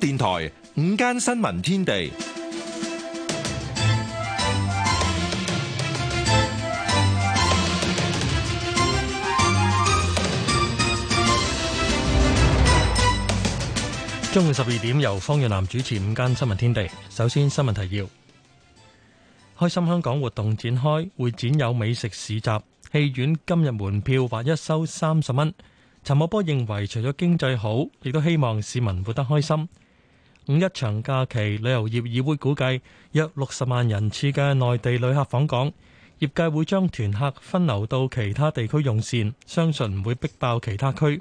電台午間新聞天地，中午十二點由方月南主持午間新聞天地。首先新聞提要：開心香港活動展開，會展有美食市集，戲院今日門票劃一收三十蚊。陳茂波認為，除咗經濟好，亦都希望市民活得開心。五一長假期，旅遊業議會估計約六十萬人次嘅內地旅客訪港，業界會將團客分流到其他地區用膳，相信唔會逼爆其他區。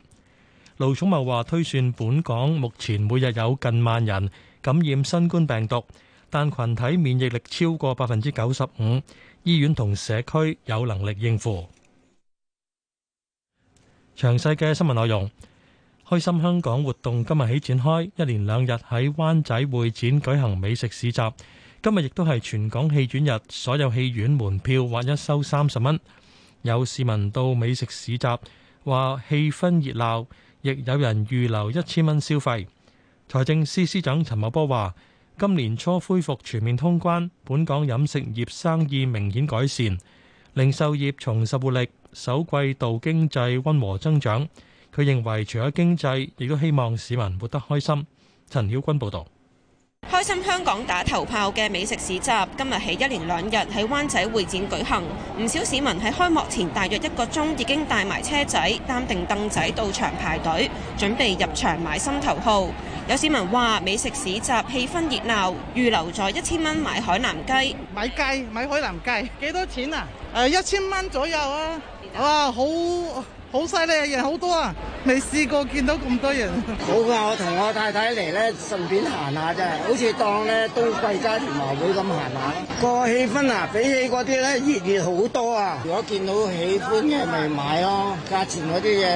盧寵茂話推算，本港目前每日有近萬人感染新冠病毒，但群體免疫力超過百分之九十五，醫院同社區有能力應付。詳細嘅新聞內容。開心香港活動今日起展開，一連兩日喺灣仔會展舉行美食市集。今日亦都係全港戲院日，所有戲院門票劃一收三十蚊。有市民到美食市集，話氣氛熱鬧，亦有人預留一千蚊消費。財政司司長陳茂波話，今年初恢復全面通關，本港飲食業生意明顯改善，零售業重拾活力，首季度經濟温和增長。佢認為除咗經濟，亦都希望市民活得開心。陳曉君報導。開心香港打頭炮嘅美食市集今日起一連兩日喺灣仔會展舉行，唔少市民喺開幕前大約一個鐘已經帶埋車仔、擔定凳仔到場排隊，準備入場買心頭號。有市民話：美食市集氣氛熱鬧，預留咗一千蚊買海南雞。買雞買海南雞幾多錢啊？誒，一千蚊左右啊！哇，好好犀利，嘢好多啊！未試過見到咁多人，好啊！我同我太太嚟呢，順便行下啫，好似當呢冬季嘉年華會咁行下。走走個氣氛啊，比起嗰啲呢熱烈好多啊！如果見到喜歡嘅，咪買咯、啊。價錢嗰啲嘢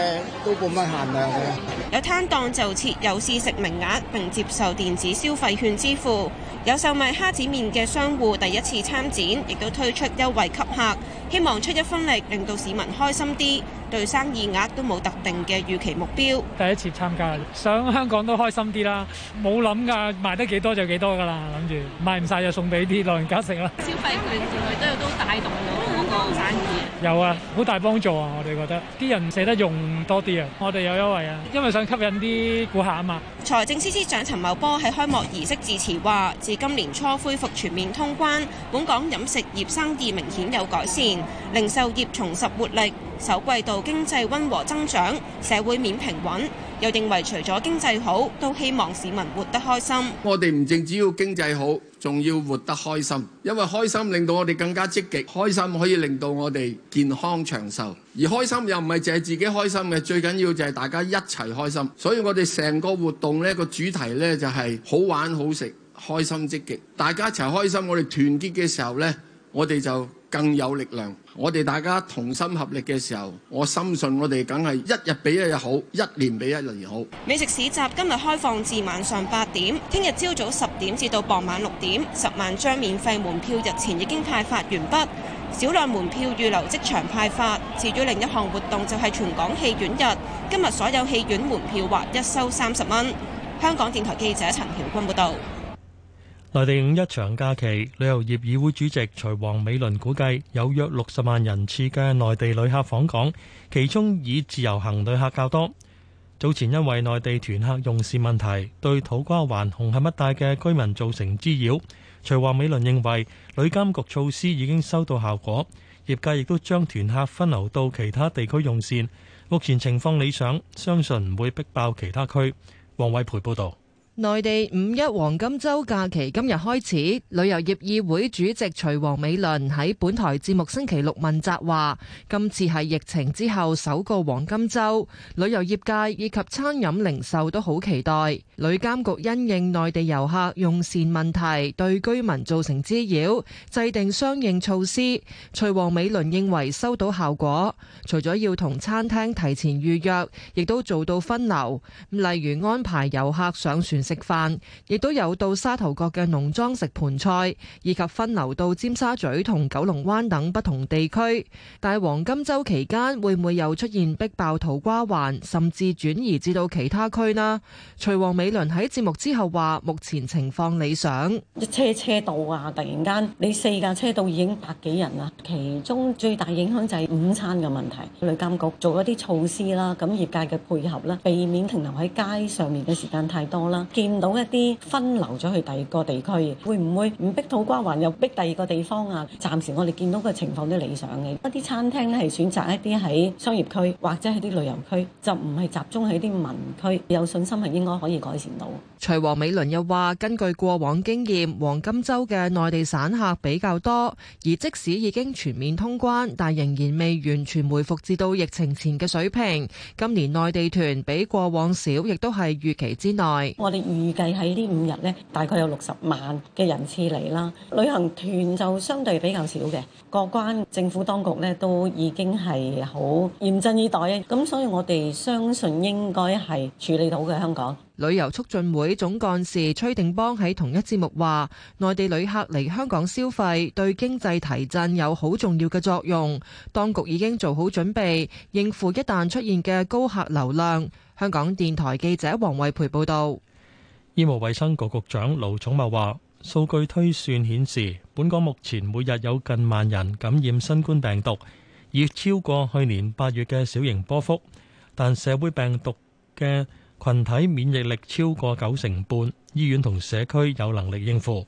都冇乜限量嘅、啊。有攤檔就設有試食名額，並接受電子消費券支付。有售賣蝦子麵嘅商戶第一次參展，亦都推出優惠給客，希望出一分力，令到市民開心啲，對生意額都冇特定嘅預。期目標第一次參加，想香港都開心啲啦。冇諗㗎，賣得幾多就幾多㗎啦。諗住賣唔晒就送俾啲老人家食啦。消費佢哋都會都帶動到。有啊，好大幫助啊！我哋覺得啲人唔捨得用多啲啊，我哋有優惠啊，因為想吸引啲顧客啊嘛。財政司司長陳茂波喺開幕儀式致詞話，自今年初恢復全面通關，本港飲食業生意明顯有改善，零售業重拾活力，首季度經濟溫和增長，社會面平穩。又認為除咗經濟好，都希望市民活得開心。我哋唔淨只要經濟好。仲要活得開心，因為開心令到我哋更加積極，開心可以令到我哋健康長壽，而開心又唔係淨係自己開心嘅，最緊要就係大家一齊開心。所以我哋成個活動咧個、主題咧就係好玩好食，開心積極，大家一齊開心。我哋團結嘅時候咧，我哋就。更有力量，我哋大家同心合力嘅時候，我深信我哋梗係一日比一日好，一年比一年好。美食市集今日開放至晚上八點，聽日朝早十點至到傍晚六點，十萬張免費門票日前已經派發完畢，少量門票預留即場派發。至於另一項活動就係全港戲院日，今日所有戲院門票劃一收三十蚊。香港電台記者陳曉君報道。內地五一長假期，旅遊業議會主席徐王美倫估計有約六十萬人次嘅內地旅客訪港，其中以自由行旅客較多。早前因為內地團客用膳問題，對土瓜灣紅磡一帶嘅居民造成滋擾，徐王美倫認為旅監局措施已經收到效果，業界亦都將團客分流到其他地區用膳，目前情況理想，相信唔會逼爆其他區。黃偉培報導。內地五一黃金周假期今日開始，旅遊業議會主席徐王美倫喺本台節目星期六問責話，今次係疫情之後首個黃金周，旅遊業界以及餐飲零售都好期待。旅監局因應內地遊客用膳問題對居民造成滋擾，制定相應措施。徐王美倫認為收到效果，除咗要同餐廳提前預約，亦都做到分流，例如安排遊客上船。食飯，亦都有到沙頭角嘅農莊食盆菜，以及分流到尖沙咀同九龍灣等不同地區。但黃金周期間會唔會又出現逼爆土瓜灣，甚至轉移至到其他區呢？徐王美倫喺節目之後話，目前情況理想。一車車到啊，突然間你四架車到已經百幾人啦，其中最大影響就係午餐嘅問題。旅監局做咗一啲措施啦，咁業界嘅配合啦，避免停留喺街上面嘅時間太多啦。見到一啲分流咗去第二個地區，會唔會唔逼土瓜灣又逼第二個地方啊？暫時我哋見到嘅情況都理想嘅。一啲餐廳咧係選擇一啲喺商業區或者係啲旅遊區，就唔係集中喺啲民區。有信心係應該可以改善到。徐王美倫又話：根據過往經驗，黃金週嘅內地散客比較多，而即使已經全面通關，但仍然未完全回復至到疫情前嘅水平。今年內地團比過往少，亦都係預期之內。我哋預計喺呢五日咧，大概有六十萬嘅人次嚟啦。旅行團就相對比較少嘅，過關，政府當局咧都已經係好嚴陣以待啊。咁所以我哋相信應該，係處理到嘅。香港旅遊促進會總幹事崔定邦喺同一節目話，內地旅客嚟香港消費對經濟提振有好重要嘅作用。當局已經做好準備應付一旦出現嘅高客流量。香港電台記者黃慧培報道。醫務衛生局局長盧寵茂話：，數據推算顯示，本港目前每日有近萬人感染新冠病毒，已超過去年八月嘅小型波幅。但社會病毒嘅群體免疫力超過九成半，醫院同社區有能力應付。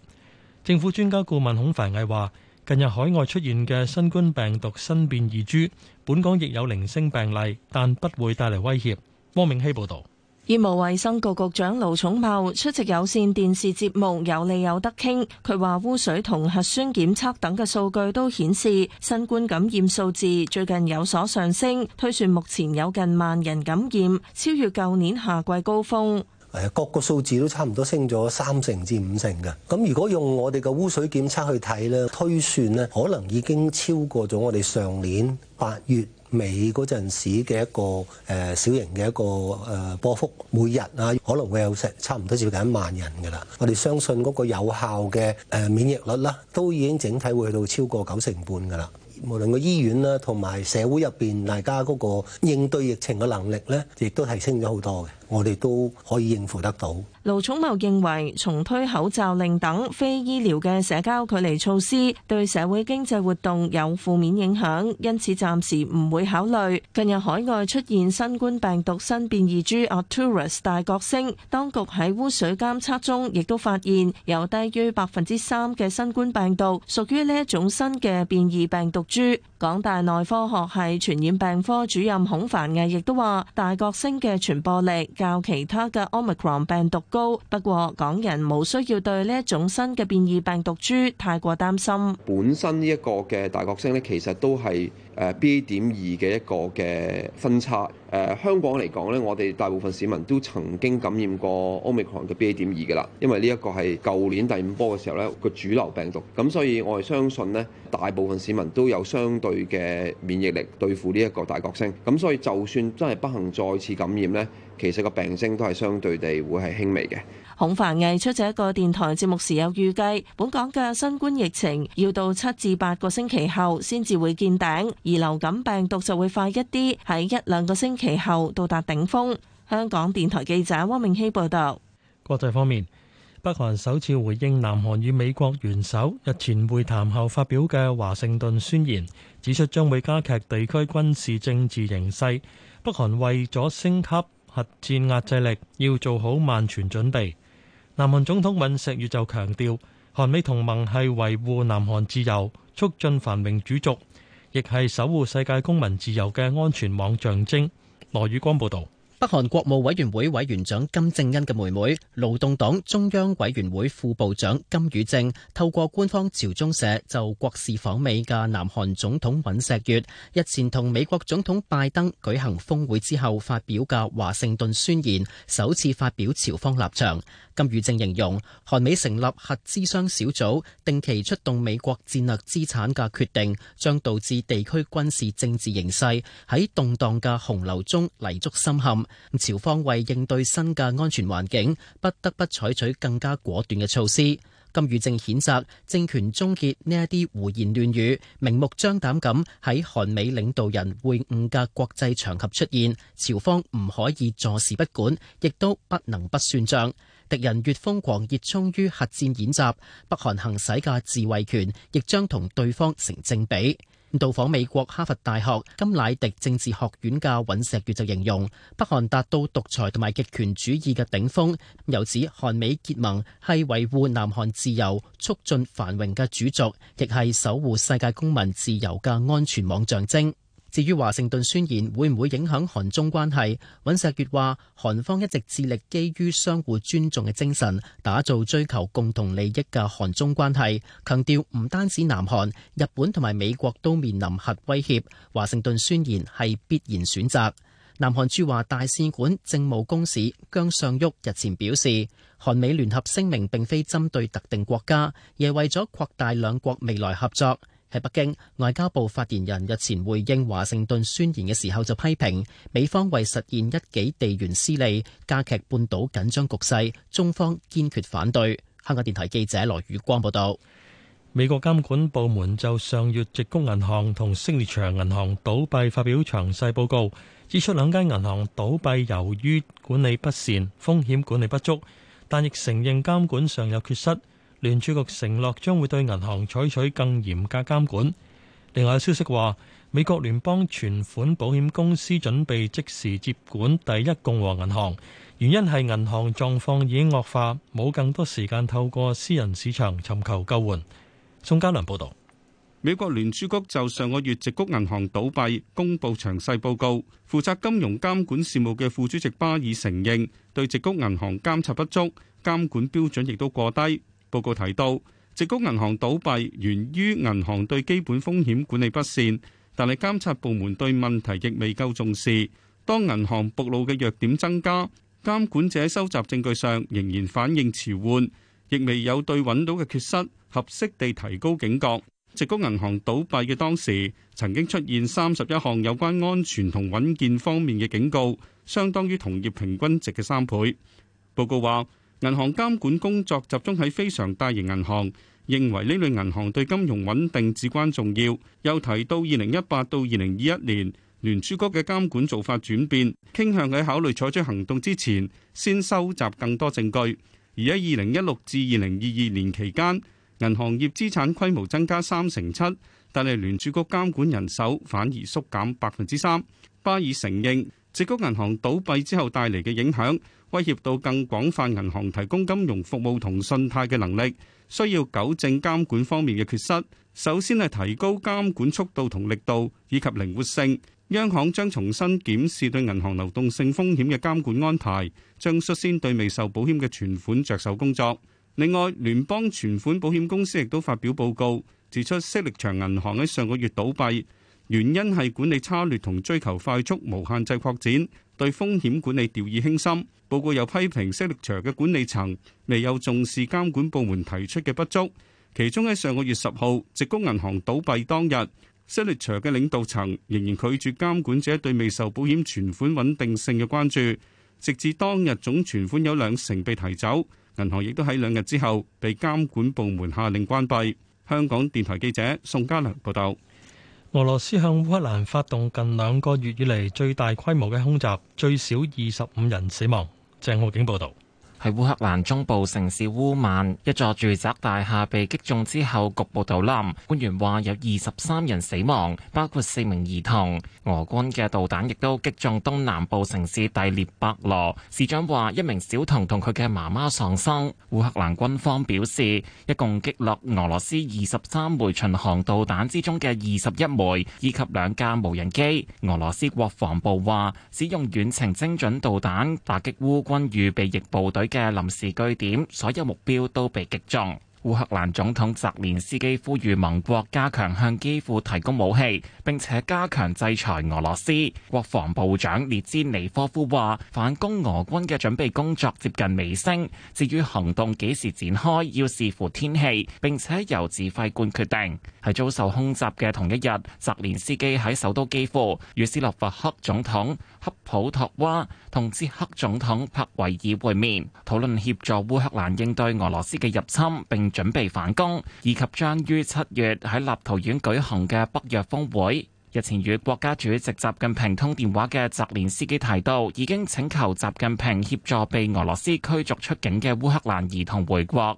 政府專家顧問孔繁毅話：，近日海外出現嘅新冠病毒新變異株，本港亦有零星病例，但不會帶嚟威脅。汪明熙報道。醫務衛生局局長盧寵茂出席有線電視節目，有利有得傾。佢話污水同核酸檢測等嘅數據都顯示，新冠感染數字最近有所上升，推算目前有近萬人感染，超越舊年夏季高峰。誒各個數字都差唔多升咗三成至五成嘅，咁如果用我哋嘅污水檢測去睇咧，推算咧，可能已經超過咗我哋上年八月尾嗰陣時嘅一個誒小型嘅一個誒波幅，每日啊可能會有成差唔多接近一萬人嘅啦。我哋相信嗰個有效嘅誒免疫率啦，都已經整體會去到超過九成半嘅啦。無論個醫院啦，同埋社會入邊大家嗰個應對疫情嘅能力咧，亦都提升咗好多嘅。我哋都可以應付得到。盧寵茂認為重推口罩令等非醫療嘅社交距離措施對社會經濟活動有負面影響，因此暫時唔會考慮。近日海外出現新冠病毒新變異株 Arcturus 大角星，當局喺污水監測中亦都發現有低於百分之三嘅新冠病毒屬於呢一種新嘅變異病毒株。港大內科學系傳染病科主任孔凡毅亦都話大角星嘅傳播力，較其他嘅 Omicron 病毒高，不過港人冇需要對呢一種新嘅變異病毒株太過擔心。本身呢一個嘅大角星咧，其實都係。誒 B A 點二嘅一個嘅分差，誒、呃、香港嚟講呢，我哋大部分市民都曾經感染過奧密克戎嘅 B A 點二嘅啦，因為呢一個係舊年第五波嘅時候咧，個主流病毒，咁所以我係相信呢大部分市民都有相對嘅免疫力對付呢一個大角星，咁所以就算真係不幸再次感染呢，其實個病徵都係相對地會係輕微嘅。孔繁毅出席一個電台節目時有預計，本港嘅新冠疫情要到七至八個星期後先至會見頂。而流感病毒就會快一啲，喺一兩個星期後到達頂峯。香港電台記者汪明熙報道。國際方面，北韓首次回應南韓與美國元首日前會談後發表嘅華盛頓宣言，指出將會加劇地區軍事政治形勢。北韓為咗升級核戰壓制力，要做好萬全準備。南韓總統尹錫悦就強調，韓美同盟係維護南韓自由、促進繁榮主軸。亦係守護世界公民自由嘅安全網象徵。羅宇光報道。北韓國務委員會委員長金正恩嘅妹妹、勞動黨中央委員會副部長金與正透過官方朝中社就國事訪美嘅南韓總統尹錫悅日前同美國總統拜登舉行峰會之後發表嘅華盛頓宣言，首次發表朝方立場。金與正形容韓美成立核諮商小組、定期出動美國戰略資產嘅決定，將導致地區軍事政治形勢喺動盪嘅洪流中泥足深陷。朝方為應對新嘅安全環境，不得不採取更加果斷嘅措施。金宇正譴責政權終結呢一啲胡言亂語，明目張膽咁喺韓美領導人會晤嘅國際場合出現，朝方唔可以坐視不管，亦都不能不算賬。敵人越瘋狂，越熱衷於核戰演習，北韓行使嘅自衛權亦將同對方成正比。到訪美國哈佛大學甘迺迪政治學院嘅尹錫悅就形容，北韓達到獨裁同埋極權主義嘅頂峰。由此，韓美結盟係維護南韓自由、促進繁榮嘅主軸，亦係守護世界公民自由嘅安全網象徵。至於華盛頓宣言會唔會影響韓中關係？尹錫悅話：韓方一直致力基於相互尊重嘅精神，打造追求共同利益嘅韓中關係。強調唔單止南韓、日本同埋美國都面臨核威脅，華盛頓宣言係必然選擇。南韓駐華大使館政務公使姜尚旭日前表示，韓美聯合聲明並非針對特定國家，而為咗擴大兩國未來合作。喺北京，外交部發言人日前回應華盛頓宣言嘅時候，就批評美方為實現一己地緣私利，加劇半島緊張局勢，中方堅決反對。香港電台記者羅宇光報道。美國監管部門就上月矽谷銀行同 Signature 銀行倒閉發表詳細報告，指出兩間銀行倒閉由於管理不善、風險管理不足，但亦承認監管上有缺失。聯儲局承諾將會對銀行採取更嚴格監管。另外，有消息話，美國聯邦存款保險公司準備即時接管第一共和銀行，原因係銀行狀況已經惡化，冇更多時間透過私人市場尋求救援。宋嘉良報道。美國聯儲局就上個月矽谷銀行倒閉公布詳細報告。負責金融監管事務嘅副主席巴爾承認，對矽谷銀行監察不足，監管標準亦都過低。報告提到，矽谷銀行倒閉源於銀行對基本風險管理不善，但係監察部門對問題亦未夠重視。當銀行暴露嘅弱點增加，監管者收集證據上仍然反應遲緩，亦未有對揾到嘅缺失合適地提高警覺。矽谷銀行倒閉嘅當時，曾經出現三十一項有關安全同穩健方面嘅警告，相當於同業平均值嘅三倍。報告話，銀行監管工作集中喺非常大型銀行，認為呢類銀行對金融穩定至關重要。又提到二零一八到二零二一年，聯儲局嘅監管做法轉變，傾向喺考慮採取行動之前先收集更多證據。而喺二零一六至二零二二年期間，銀行業資產規模增加三成七，但係聯儲局監管人手反而縮減百分之三。巴爾承認。矽谷銀行倒閉之後帶嚟嘅影響，威脅到更廣泛銀行提供金融服務同信貸嘅能力，需要糾正監管方面嘅缺失。首先係提高監管速度同力度以及靈活性。央行將重新檢視對銀行流動性風險嘅監管安排，將率先對未受保險嘅存款着手工作。另外，聯邦存款保險公司亦都發表報告，指出息力牆銀行喺上個月倒閉。原因係管理差劣同追求快速無限制擴展，對風險管理掉以輕心。報告又批評斯力場嘅管理層未有重視監管部門提出嘅不足。其中喺上個月十號，直沽銀行倒閉當日，斯力場嘅領導層仍然拒絕監管者對未受保險存款穩定性嘅關注，直至當日總存款有兩成被提走，銀行亦都喺兩日之後被監管部門下令關閉。香港電台記者宋家良報道。俄羅斯向烏克蘭發動近兩個月以來最大規模嘅空襲，最少二十五人死亡。鄭浩景報道。喺烏克蘭中部城市烏曼，一座住宅大廈被擊中之後局部倒冧。官員話有二十三人死亡，包括四名兒童。俄軍嘅導彈亦都擊中東南部城市第列伯羅。市長話一名小童同佢嘅媽媽喪生。烏克蘭軍方表示，一共擊落俄羅斯二十三枚巡航導彈之中嘅二十一枚，以及兩架無人機。俄羅斯國防部話使用遠程精準導彈打擊烏軍預備役部隊嘅臨時據點，所有目標都被擊中。烏克蘭總統澤連斯基呼籲盟國加強向基輔提供武器，並且加強制裁俄羅斯。國防部長列茲尼科夫話：反攻俄軍嘅準備工作接近尾聲，至於行動幾時展開，要視乎天氣，並且由指揮官決定。喺遭受空襲嘅同一日，澤連斯基喺首都基輔，與斯洛伐克總統克普托娃同捷克總統帕維爾會面，討論協助烏克蘭應對俄羅斯嘅入侵，並。準備反攻，以及將於七月喺立陶宛舉行嘅北約峰會。日前與國家主席習近平通電話嘅澤連斯基提到，已經請求習近平協助被俄羅斯驅逐出境嘅烏克蘭兒童回國。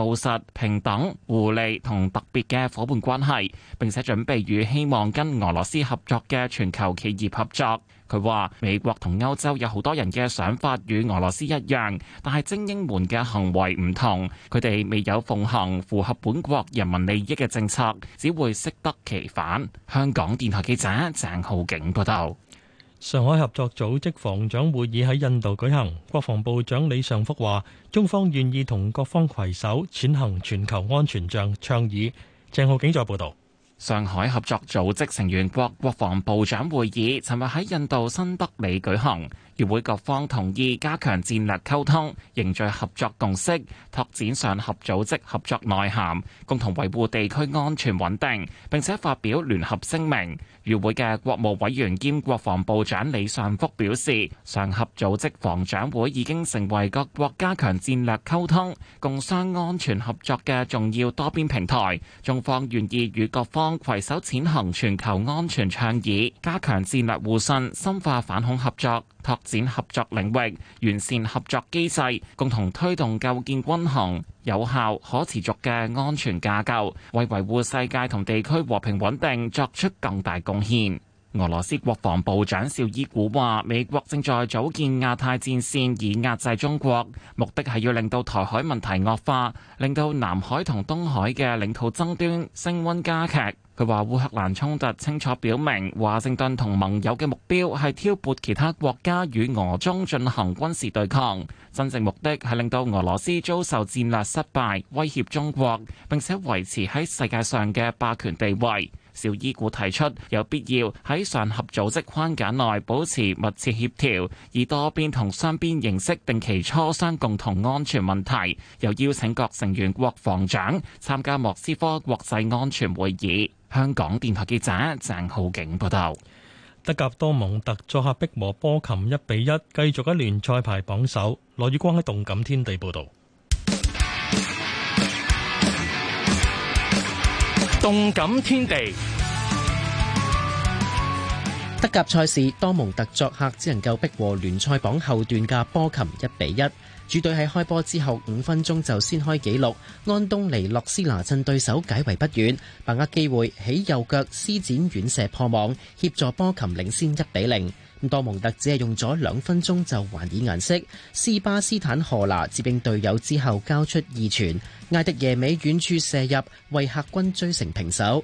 務實、平等、互利同特別嘅夥伴關係，並且準備與希望跟俄羅斯合作嘅全球企業合作。佢話美國同歐洲有好多人嘅想法與俄羅斯一樣，但係精英們嘅行為唔同，佢哋未有奉行符合本國人民利益嘅政策，只會適得其反。香港電台記者鄭浩景報道。上海合作組織防長會議喺印度舉行，國防部長李尚福話：中方願意同各方携手，踐行全球安全倡議。鄭浩景在報道：上海合作組織成員國國防部長會議尋日喺印度新德里舉行。與會各方同意加強戰略溝通，凝聚合作共識，拓展上合組織合作內涵，共同維護地區安全穩定，並且發表聯合聲明。與會嘅國務委員兼國防部長李尚福表示，上合組織防長會已經成為各國加強戰略溝通、共商安全合作嘅重要多邊平台，中方願意與各方攜手踐行全球安全倡議，加強戰略互信，深化反恐合作。拓展合作領域，完善合作機制，共同推動構建均衡、有效、可持續嘅安全架構，為維護世界同地區和平穩定作出更大貢獻。俄羅斯國防部長紹伊古話：美國正在組建亞太戰線以壓制中國，目的係要令到台海問題惡化，令到南海同東海嘅領土爭端升溫加劇。佢話，烏克蘭衝突清楚表明，華盛頓同盟友嘅目標係挑撥其他國家與俄中進行軍事對抗，真正目的係令到俄羅斯遭受戰略失敗，威脅中國，並且維持喺世界上嘅霸權地位。紹伊古提出有必要喺上合組織框架內保持密切協調，以多邊同雙邊形式定期磋商共同安全問題。又邀請各成員國防長參加莫斯科國際安全會議。香港電台記者鄭浩景報道。德甲多蒙特作客逼和波琴一比一，繼續喺聯賽排榜首。羅宇光喺動感天地報道。動感天地。德甲賽事，多蒙特作客只能夠逼和聯賽榜後段嘅波琴一比一。主隊喺開波之後五分鐘就先開紀錄，安東尼洛斯拿趁對手解圍不遠，把握機會起右腳施展遠射破網，協助波琴領先一比零。多蒙特只係用咗兩分鐘就還以顏色，斯巴斯坦荷拿接應隊友之後交出二傳，艾迪耶米遠處射入，為客軍追成平手。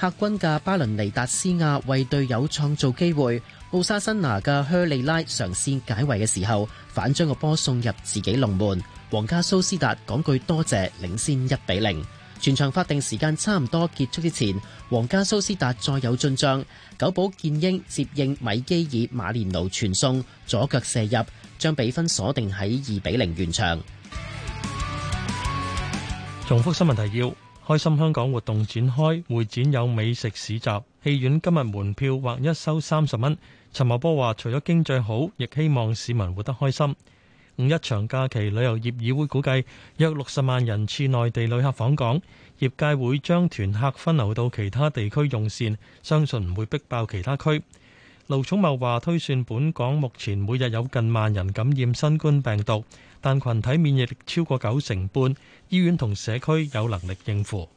客軍嘅巴倫尼達斯亞為隊友創造機會，奧沙辛拿嘅靴利拉嘗試解圍嘅時候，反將個波送入自己龍門。皇家蘇斯達講句多謝，領先一比零。全場法定時間差唔多結束之前，皇家蘇斯達再有進賬，久保建英接應米基爾馬連奴傳送，左腳射入，將比分鎖定喺二比零完場。重複新聞提要。開心香港活動展開，會展有美食市集，戲院今日門票劃一收三十蚊。陳茂波話：除咗經濟好，亦希望市民活得開心。五一長假期，旅遊業議會估計約六十萬人次內地旅客訪港，業界會將團客分流到其他地區用膳，相信唔會逼爆其他區。盧寵茂話：推算本港目前每日有近萬人感染新冠病毒。但群體免疫力超過九成半，醫院同社區有能力應付。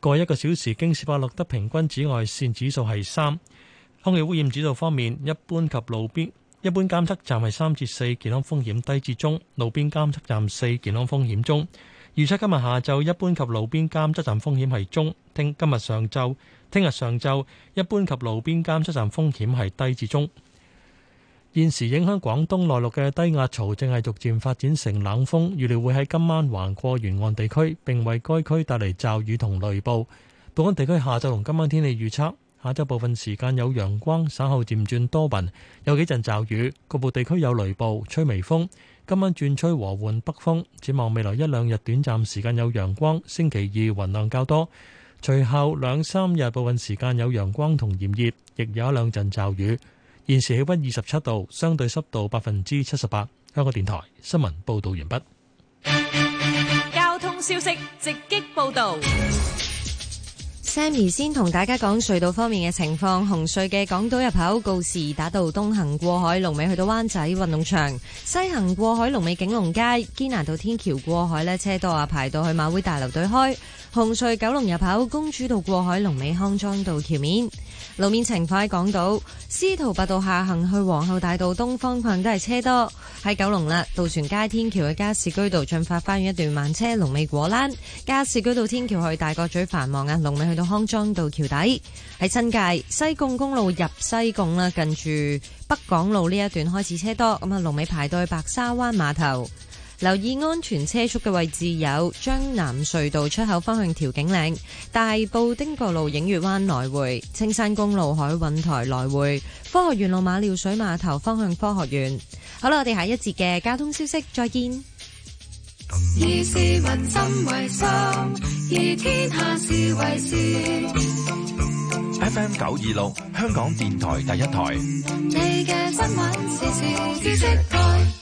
過一個小時，京士柏錄得平均紫外線指數係三。空氣污染指數方面，一般及路邊一般監測站係三至四，健康風險低至中；路邊監測站四，健康風險中。預測今日下晝一般及路邊監測站風險係中，聽今日上晝、聽日上晝一般及路邊監測站風險係低至中。現時影響廣東內陸嘅低壓槽正係逐漸發展成冷鋒，預料會喺今晚橫過沿岸地區，並為該區帶嚟驟雨同雷暴。本港地區下晝同今晚天氣預測：下晝部分時間有陽光，稍後漸轉多雲，有幾陣驟雨；局部地區有雷暴，吹微風。今晚轉吹和緩北風。展望未來一兩日，短暫時間有陽光；星期二雲量較多，隨後兩三日部分時間有陽光同炎熱，亦有一兩陣驟雨。現時氣溫二十七度，相對濕度百分之七十八。香港電台新聞報道完畢。交通消息直擊報道。Sammy 先同大家講隧道方面嘅情況。紅隧嘅港島入口告士打道東行過海，龍尾去到灣仔運動場；西行過海，龍尾景隆街，堅拿道天橋過海呢車多啊，排到去馬會大樓對開。紅隧九龍入口公主道過海，龍尾康莊道橋面。路面情況喺港島，司徒拔道下行去皇后大道東方向，都係車多。喺九龍啦，渡船街天橋嘅加士居道進發花園一段慢車，龍尾果欄。加士居道天橋去大角咀繁忙啊，龍尾去到康莊道橋底。喺新界西貢公路入西貢啦，近住北港路呢一段開始車多，咁啊龍尾排到去白沙灣碼頭。留意安全車速嘅位置有：將南隧道出口方向調景嶺、大埔丁角路映月灣來回、青山公路海運台來回、科學園路馬料水碼頭方向科學園。好啦，我哋下一節嘅交通消息，再見。以市民心為心，以天下事為事。F.M. 九二六，香港電台第一台。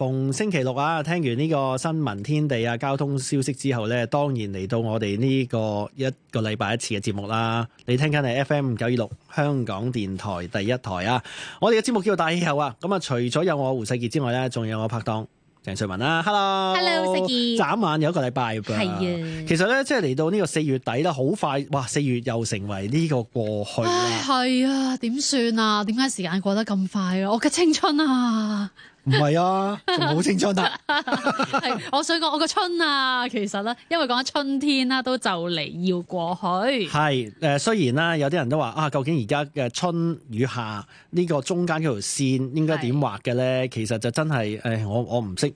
逢星期六啊，聽完呢個新聞天地啊，交通消息之後咧，當然嚟到我哋呢個一個禮拜一次嘅節目啦。你聽緊係 FM 九二六香港電台第一台啊！我哋嘅節目叫做大氣候啊。咁、嗯、啊，除咗有我胡世杰之外咧，仲有我拍檔鄭瑞文啦、啊。Hello，Hello，Hello，世杰，眨眼有一個禮拜噃。係啊的，其實咧，即係嚟到呢個四月底啦，好快哇！四月又成為呢個過去。係啊，點算啊？點解時間過得咁快啊？我嘅青春啊！唔係啊，仲好清楚得。係，我想講我個春啊，其實咧，因為講緊春天啦，都就嚟要過去。係，誒、呃、雖然啦、啊，有啲人都話啊，究竟而家嘅春與夏呢個中間嗰條線應該點畫嘅咧？是其實就真係誒、哎，我我唔識，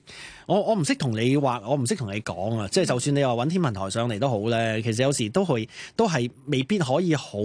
我我唔識同你畫，我唔識同你講啊。即、就、係、是、就算你話揾天文台上嚟都好咧，其實有時都係都係未必可以好。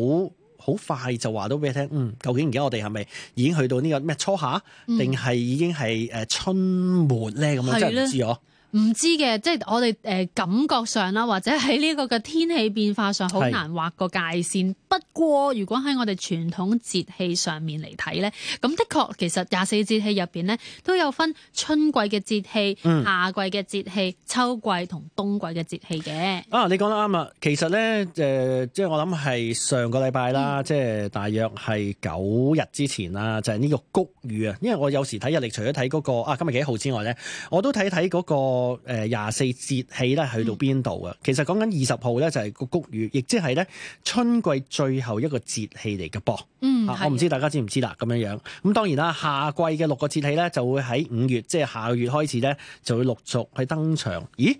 好快就話到俾你聽，嗯，究竟而家我哋係咪已經去到呢、這個呢個咩初夏，定係已經係誒春末咧？咁、嗯、真係唔知哦。唔的我知嘅，即係我哋誒、呃、感覺上啦，或者喺呢個嘅天氣變化上，好難劃個界線。不過，如果喺我哋傳統節氣上面嚟睇咧，咁的確其實廿四節氣入邊咧都有分春季嘅節氣、夏、嗯、季嘅節氣、秋季同冬季嘅節氣嘅。啊，你講得啱啊！其實咧，誒、呃，即係我諗係上個禮拜啦，嗯、即係大約係九日之前啦，就係、係、呢個谷雨啊。因為我有時睇日曆、嗰個，除咗睇嗰個啊今日幾多號之外咧，我都睇睇嗰個誒廿四節氣咧去到邊度啊。嗯、其實講緊二十號咧就係個谷雨，亦即係咧春季，最後一個節氣嚟嘅噃。波，嗯啊、我唔知大家知唔知啦。咁樣樣咁，當然啦，夏季嘅六個節氣咧，就會喺五月，即係下個月開始咧，就會陸續去登場。咦，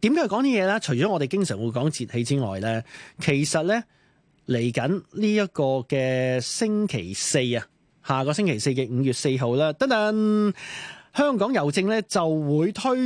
點解講啲嘢咧？除咗我哋經常會講節氣之外咧，其實咧嚟緊呢一個嘅星期四啊，下個星期四嘅五月四號啦，等等香港郵政咧就會推。